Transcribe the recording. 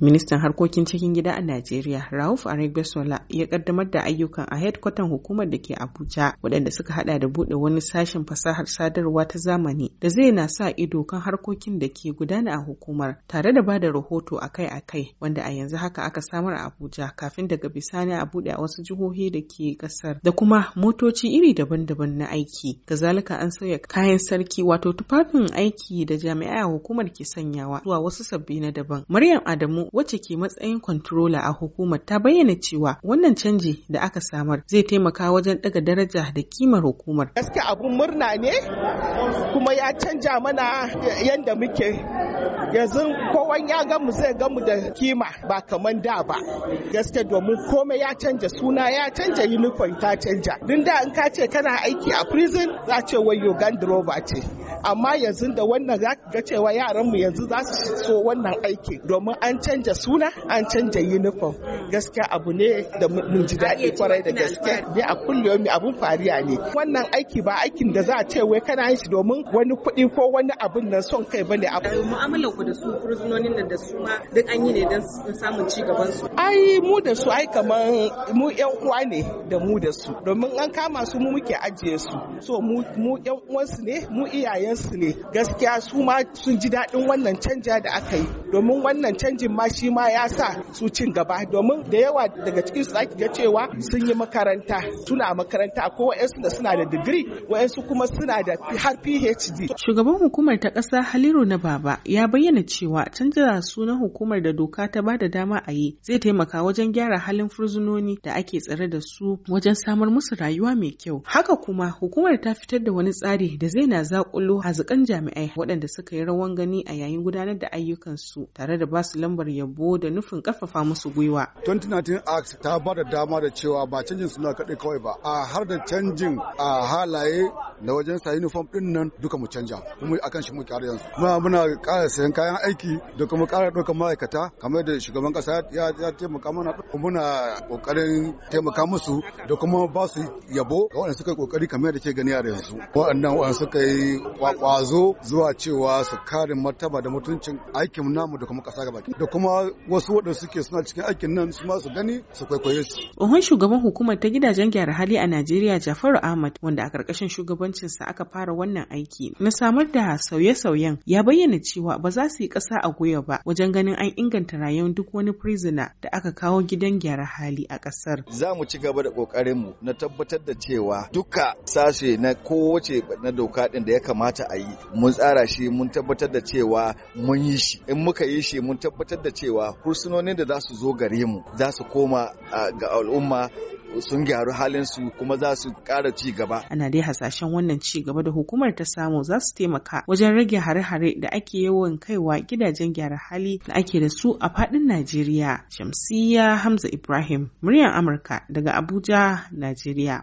Ministan harkokin cikin gida a Najeriya, Rauf Aregbesola, ya kaddamar da ayyukan a hedkwatan hukumar da ke Abuja, waɗanda suka hada da buɗe wani sashen fasahar sadarwa ta zamani da zai na sa ido kan harkokin da ke gudana a hukumar, tare da bada rahoto akai-akai, wanda a yanzu haka aka samar a Abuja kafin daga bisani a buɗe a wasu jihohi da ke ƙasar, da kuma motoci iri daban-daban na aiki. zalika an sauya kayan sarki wato tufafin aiki da jami'ai a hukumar ke sanyawa zuwa wasu sabbi na daban. Maryam Adamu wacce ke matsayin controller a hukumar ta bayyana cewa wannan canji da aka samar zai taimaka wajen daga daraja da kimar hukumar. Gaske abun murna ne kuma ya canja mana yadda muke yanzu kowan ya gamu zai gamu da kima ba kaman da ba gaske domin komai ya canja suna ya canja uniform ta canja dun da in ka ce kana aiki a prison za ce wai Uganda ce amma yanzu da wannan za ga cewa yaran mu yanzu za su so wannan aiki domin an canja suna an canja uniform gaskiya abu ne da mun ji daɗi kwarai da gaske ne a kulliyomi abun fariya ne wannan aiki ba aikin da za a ce wai kana yin shi domin wani kuɗi ko wani abin nan son kai bane abu mu'amalar ku da su fursunonin nan da su ma duk an yi ne don samun ci gaban su ai mu da su ai kaman mu yan uwa ne da mu da su domin an kama su mu muke ajiye su so mu yan uwansu ne mu iyayen su ne gaskiya su ma sun ji daɗin wannan canja da aka yi domin wannan canjin ma shi ma ya sa su cin gaba domin da yawa daga cikin su zaki ga cewa sun yi makaranta suna makaranta ko wa'ansu da suna da digiri wa'ansu kuma suna da har PhD. Shugaban hukumar ta ƙasa Haliru na Baba ya bayyana cewa canjin sunan hukumar da doka ta ba da dama a yi zai taimaka wajen gyara halin fursunoni da ake tsare da su wajen samar musu rayuwa mai kyau. Haka kuma hukumar ta fitar da wani tsari da zai na zakulo hazikan jami'ai waɗanda suka yi rawan gani a yayin gudanar da ayyukansu. su tare da basu lambar yabo da nufin karfafa musu gwiwa. 2019 Act ta ba da dama da cewa ba canjin suna kaɗai kawai ba, a har da canjin a halaye da wajen sa uniform din nan duka mu canja kuma akan shi mu kare yanzu muna muna ƙara sayan kayan aiki da kuma ƙara ɗaukar ma'aikata kamar da shugaban ƙasa ya taimaka mana muna ƙoƙarin taimaka musu da kuma ba su yabo ga waɗanda suka yi ƙoƙari kamar da ke gani a yanzu waɗannan waɗanda suka yi kwakwazo zuwa cewa su kare martaba da mutuncin aikin namu da kuma ƙasa gaba da kuma wasu waɗanda suke suna cikin aikin nan su ma su gani su kwaikwaye su. Tsohon shugaban hukumar ta gidajen gyara hali a Najeriya Jafaru Ahmad wanda a ƙarƙashin shugaban shugabancinsa aka fara wannan aiki na samar da sauye-sauyen ya bayyana cewa ba za su yi ƙasa a goya ba wajen ganin an inganta rayuwar duk wani prisoner da aka kawo gidan gyara hali a ƙasar. Za mu ci gaba da ƙoƙarinmu na tabbatar da cewa duka sashe na kowace na doka ɗin da ya kamata a yi mun tsara shi mun tabbatar da cewa mun yi shi in muka yi shi mun tabbatar da cewa fursunonin da za su zo gare mu za su koma ga al'umma sun gyaru halin su kuma za su kara ci gaba. Ana dai hasashen wannan ci gaba da hukumar ta samu za su taimaka wajen rage hare-hare da ake yawan kaiwa gidajen gyara hali da ake da su a faɗin Najeriya. Shamsiyya Hamza Ibrahim, muryar Amurka daga Abuja, Najeriya.